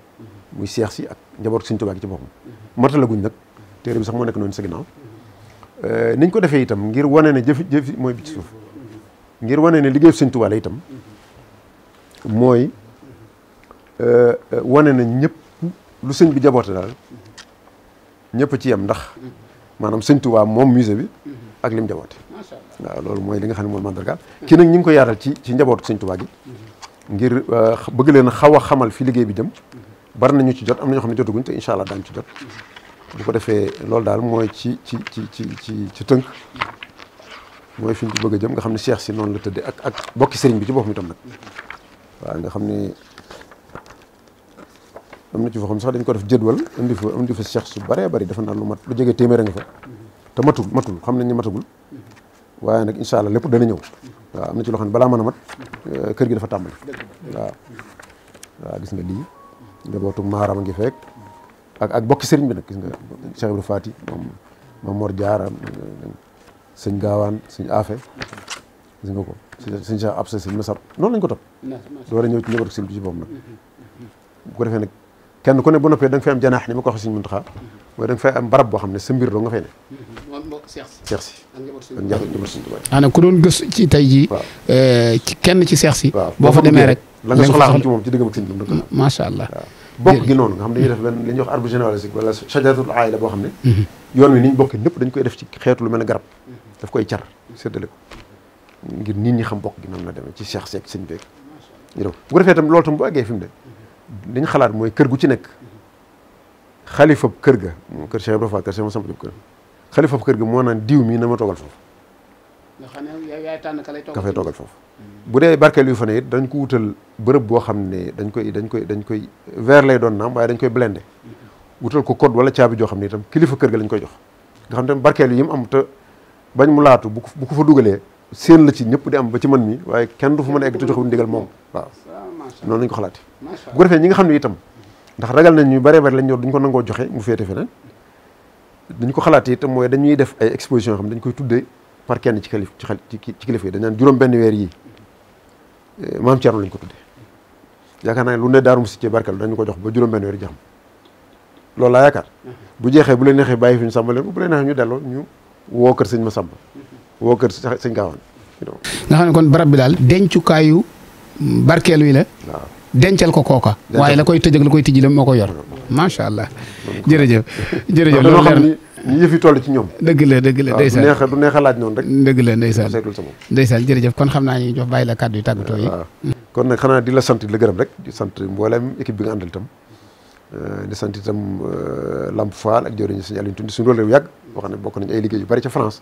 muy seex si ak njaboot suñ tubaab gi ci boppam matalaguñ nag téere bi sax nekk noonu sa ginnaaw euh, niñ ko defee itam ngir wane ne jëf jëf mooy bi ci suuf ngir wane ne liggéey suñ tubaab la itam mooy euh, euh, wane na ñëpp lu sëñ bi jaboote daal ñëpp ci yem ndax maanaam sëñ Tuubaa moom musée bi ak lim jaboote waaw loolu mooy li nga xam ne mooy mandargaal kii nag ñu ngi ko yaatal ci ci njabootu sëñ Tuubaa gi ngir euh, bëgg leen xaw a xamal fi liggéey bi jëm bari nañu ci jot am na ñoo xam ne jotaguñ te incha allah daañu ci jot bu ko defee loolu daal mooy ci ci ci ci ci tënk mooy fi ñu ci bëgg a jëm nga xam ne Cheikh si noonu la tëddee ak ak bokki sëriñ bi ci boppam itam nag waaw nga xam ne am na ci foo xam sax dañ ko def jëdwal indi fa indi fa cheikh su bëree bëri dafa naan lu mat lu jege téeméer fa te matul matul xam nañ ne matagul waaye nag incha allah lépp dana ñëw am na ci loo xam ne balaa mën a mat eh, kër gi dafa tàmbali waaw waaw gis nga lii njabootu maaram a ngi fekk ak bokki sëriñ bi nag gis nga Cheikh Ibrahima Fati moom Mamor Diarra sëñ Gaawaan sëñ Afe gis nga ko sëñ Cheikh Absa si masab ko topp door a ñëw ci bi ci boppam nag mm-hmm. Mm-hmm. bu ko defee nag kenn ku ne bu noppee da am janaax ni ma ko waxee sëñ Muntaxa mooy mm-hmm. da am barab boo xam ne sa mbir doo nga fay ne Seex si Seex si ak njabootu ku doon gëstu ci tey jii eh, ci kenn ci Seex si boo fa demee rek la nga soxlaa xam ci moom ci dëggam ak sëñ bi macha allah bokk gi noonu nga xam dañuy def benn li ñuy wax arbre généalogique sajaratul aayla boo xam ne yoon wi ni ñu bokkee dañ koy def ci xeetu lu mel ne garab daf koy car séddale ko ngir nit ñi xam bokk gi noonu la demee ci Cheikh Seck sëñ beeg bu ko defee itam loolu tam bu àggee fi mu ne li xalaat mooy kër gu ci nekk xalifa kër ga kër Cheikh Ibra Fall kër Cheikh Moussa kër xalifa moo naan diw mii na ma toogal foofu. nga xam ne yow yaay tànn ka lay toogal ka fay toogal foofu. Hmm. bu dee barkeel yu fa ne it dañ ko wutal bërëb boo xam ne dañ koy dañ koy dañ koy verre lay doon naam waaye dañ koy blender. Hmm. wutal ko code wala caabi joo xam ne itam kilifa kër ga lañ koy jox. nga xam ne barkeel yi mu am te bañ mu laatu bu ko fa dugalee seen la ci ñëpp di am ba ci man mi waaye kenn du fa mën a egg te joxewul ndigal moom waaw noonu lañ ko xalaati bu ko defee ñi nga xam ne tam ndax ragal nañ ñu bare bëri lañ yor duñ ko nangoo joxe mu féete feneen dañ ko xalaati itam mooy dañuy def ay exposition dañ koy tuddee par kenn ci kilif ci kilifa yi dañ naan juróom benn weer yi eh, maam Thierno ko tuddee yaakaar naa ne lu ne daarum si ci barkal dañu ko jox ba juróom benn weer jaxam loolu laa yaakaar bu jeexee bu leen neexee bàyyi fi ñu sàmba leen bu leen neexee ñu delloo ñu woo kër sëñ ma sàmba woo kër sëñ Gaawaan nga xam ne kon barab bi daal dencukaayu barkeelu yi la dencal ko kooka waaye la koy tëj ak la koy tijji la moo ko yor macha allah jërëjëf jërëjëf loolu leer na ñu yëf toll ci ñoom dëgg la dëgg la ndeysaan du neex a laaj noonu rek dëgg la ndeysaan ndeysaan jërëjëf kon xam naa ñu jox bàyyi la kàddu yu tàggatoo yi kon nag xanaa di la sant di la gërëm rek di sant mboolem équipe bi nga àndal itam euh, di sant tam euh, Lamp Fall ak jëwriñu sëñ Aliou Tundi suñu rôle réew yàgg boo xam ne bokk nañu ay liggéey yu bari ca France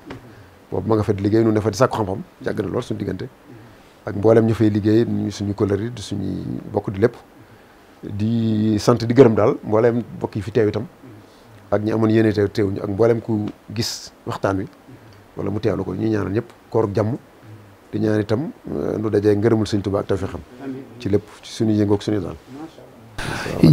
boobu ma nga fa di liggéey nu ne fa di sàkku xam-xam yàgg na lool suñu diggante ak mboolem ñu fay liggéey suñu kóllëre di suñuy bokk di lépp di sant di gërëm daal mbooleem bokk yi fi teew itam ak ñi amoon yéene teew ñu ak mboolem ku gis waxtaan wi wala mu teewlu ko ñu ñaanal ñëpp koorug jàmm di ñaan itam euh, nu dajee ngërëmul suñ Tuubaa ak tawfeexam ci lépp suñu yëngoog suñu daal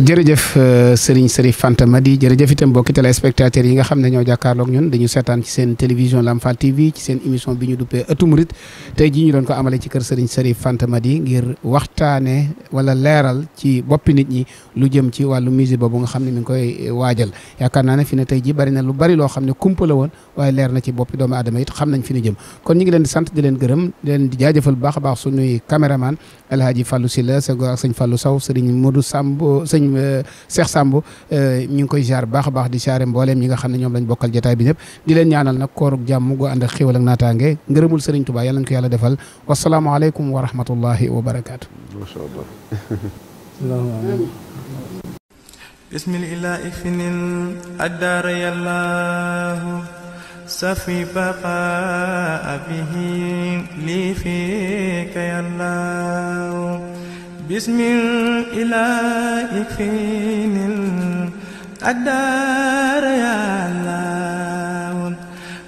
jërëjëf euh, Serigne Serif Fanta Madi jërëjëf itam mbokki téléspectateurs yi nga xam ne ñoo jàkkaarloog ñun dañu seetaan ci seen télévision Lamfal TV ci seen émission bi ñu duppee Ëttu Murid tey jii ñu doon ko amale ci kër Serigne Serif Fanta Madi ngir waxtaane wala leeral ci boppi nit ñi lu jëm ci wàllu musique boobu nga xam ne mi ngi koy waajal yaakaar naa ne fi ne tey jii bari na lu bari loo xam ne kumpa la woon waaye leer na ci boppi doomu aadama it xam nañ fi jëm kon ñu ngi leen di sant di di leen di jaajëfal bu baax a baax suñuy caméraman El Hadji Fallou Silla sëñ Fallou Saw Serigne Samb sëñ euh, Cheikh Samb euh, ñu ngi koy ziar baax a baax di ziare mbooleem ñi nga xam ne ñoom lañ bokkal jotaay bi ñëpp di leen ñaanal nag kooruk jàmm gu ànd ak xéwal ak naataange ngërëmul sëriñ Tuubaa yàlla nañ ko yàlla defal wasalaamaaleykum wa rahmatullahi wa barakaatu. macha allah. بسم باسم الإله يكفيني الأدار يا الله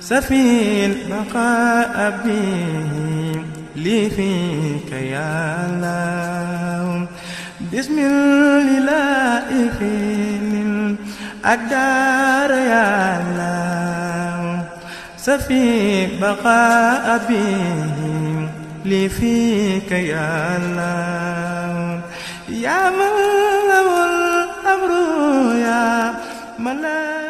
سفي البقاء به لي فيك يا الله باسم الإله يكفيني الأدار يا الله سفي بقاء به لي فيك يا الله يا من له الأمر يا من لا